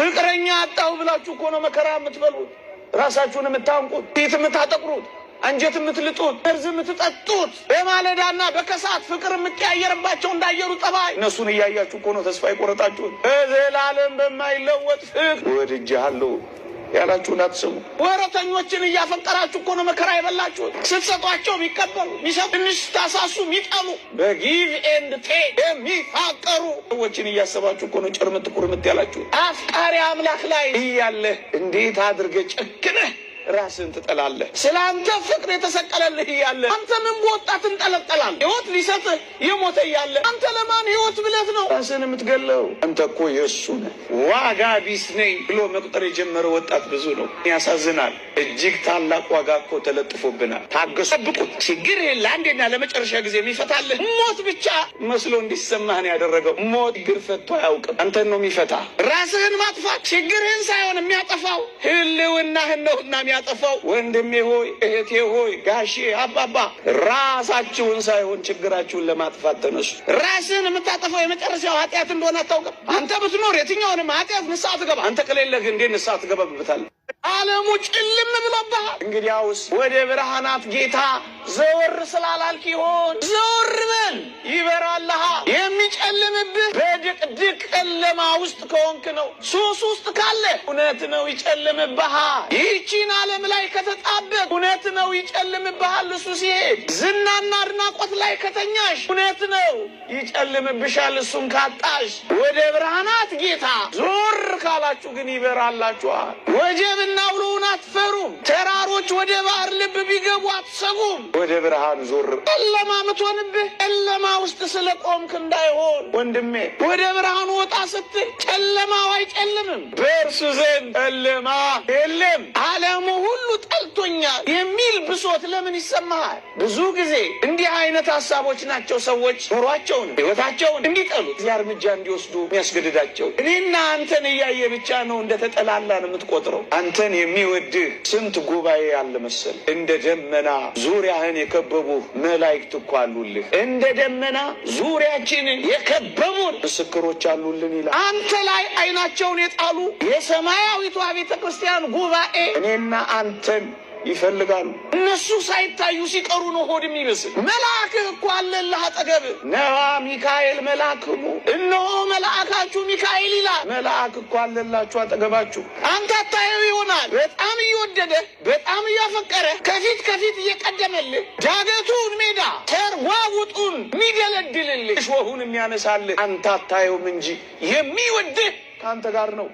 ፍቅረኛ አጣሁ ብላችሁ እኮ ነው መከራ የምትበሉት፣ ራሳችሁን የምታንቁት፣ ፊት የምታጠቁሩት፣ አንጀት የምትልጡት፣ እርዝ የምትጠጡት፣ በማለዳና በከሰዓት ፍቅር የምትቀያየርባቸው እንዳየሩ ጠባይ እነሱን እያያችሁ እኮ ነው ተስፋ የቆረጣችሁት። በዘላለም በማይለወጥ ፍቅር ወድጄሃለሁ ያላችሁን አትሰሙ። ወረተኞችን እያፈቀራችሁ እኮ ነው መከራ የበላችሁት። ስትሰጧቸው የሚቀበሉ ሚሰጡ ትንሽ ታሳሱ የሚጠሉ በጊቭ ኤንድ ቴ የሚፋቀሩ ሰዎችን እያሰባችሁ እኮ ነው ጭርምት ቁርምት ያላችሁት። አፍቃሪ አምላክ ላይ እያለህ እንዴት አድርገህ ጨክነህ ራስን ትጠላለህ። ስለ አንተ ፍቅር የተሰቀለልህ እያለ አንተ ምን በወጣ ትንጠለጠላል? ህይወት ሊሰጥህ የሞተ እያለ አንተ ለማን ህይወት ብለት ነው ራስን የምትገለው? አንተ እኮ የእሱ ነህ። ዋጋ ቢስ ነኝ ብሎ መቁጠር የጀመረ ወጣት ብዙ ነው። ያሳዝናል። እጅግ ታላቅ ዋጋ እኮ ተለጥፎብናል። ታገሱ፣ ጠብቁት። የለ አንዴና ለመጨረሻ ጊዜ የሚፈታልህ ሞት ብቻ መስሎ እንዲሰማህን ያደረገው። ሞት ግር ፈቶ አያውቅም። አንተን ነው የሚፈታ። ራስህን ማጥፋት ችግርህን ሳይሆን የሚያጠፋው ህልውናህን ነውና የሚያጠፋው ወንድሜ ሆይ እህቴ ሆይ ጋሼ አባባ ራሳችሁን ሳይሆን ችግራችሁን ለማጥፋት ተነሱ። ራስህን የምታጠፋው የመጨረሻው ኃጢአት እንደሆነ አታውቅም። አንተ ብትኖር የትኛውንም ኃጢአት ንስሐ ትገባ። አንተ ከሌለህ እንዴት ንስሐ ትገባብታል? ዓለሙ ጭልም ብሎብሃል። እንግዲያውስ ወደ ብርሃናት ጌታ ዘወር ስላላልክ ይሆን ዘወር በል። ጨለማ ውስጥ ከሆንክ ነው። ሱስ ውስጥ ካለ እውነት ነው ይጨልምብሃል። ይህቺን ዓለም ላይ ከተጣበቅ እውነት ነው ይጨልምብሃል። እሱ ሲሄድ ዝናና አድናቆት ላይ ከተኛሽ እውነት ነው ይጨልምብሻል። እሱን ካጣሽ ወደ ብርሃናት ጌታ ዞር ካላችሁ ግን ይበራላችኋል። ወጀብና አውሎውን አትፈሩም። ተራሮች ወደ ባህር ልብ ቢገቡ አትሰጉም። ወደ ብርሃን ዞር ጨለማ ምትሆንብህ ጨለማ ውስጥ ስለቆምክ እንዳይሆን ወንድሜ ወደ ብርሃኑ ወጣ ስትል ጨለማው አይጨልምም፣ በእርሱ ዘንድ ጨለማ የለም። ዓለሙ ሁሉ ብሶት ለምን ይሰማሃል? ብዙ ጊዜ እንዲህ አይነት ሀሳቦች ናቸው ሰዎች ኑሯቸውን፣ ህይወታቸውን እንዲጠሉ እዚያ እርምጃ እንዲወስዱ የሚያስገድዳቸው። እኔና አንተን እያየ ብቻ ነው እንደተጠላላን የምትቆጥረው። አንተን የሚወድህ ስንት ጉባኤ ያለ እንደ ደመና ዙሪያህን የከበቡ መላእክት እኮ አሉልህ። እንደ ደመና ዙሪያችንን የከበቡን ምስክሮች አሉልን ይላል። አንተ ላይ አይናቸውን የጣሉ የሰማያዊቷ ቤተ ክርስቲያን ጉባኤ እኔና አንተን ይፈልጋሉ። እነሱ ሳይታዩ ሲቀሩ ነው ሆድ የሚመስል። መልአክህ እኮ አለልህ አጠገብ። ነዋ ሚካኤል መልአክሙ፣ እነሆ መልአካችሁ ሚካኤል ይላል። መልአክ እኮ አለላችሁ አጠገባችሁ። አንተ አታየው ይሆናል። በጣም እየወደደ በጣም እያፈቀረ ከፊት ከፊት እየቀደመልህ ዳገቱን ሜዳ ተርዋውጡን የሚገለድልልህ እሾሁን የሚያነሳልህ አንተ አታየውም እንጂ የሚወድህ ከአንተ ጋር ነው።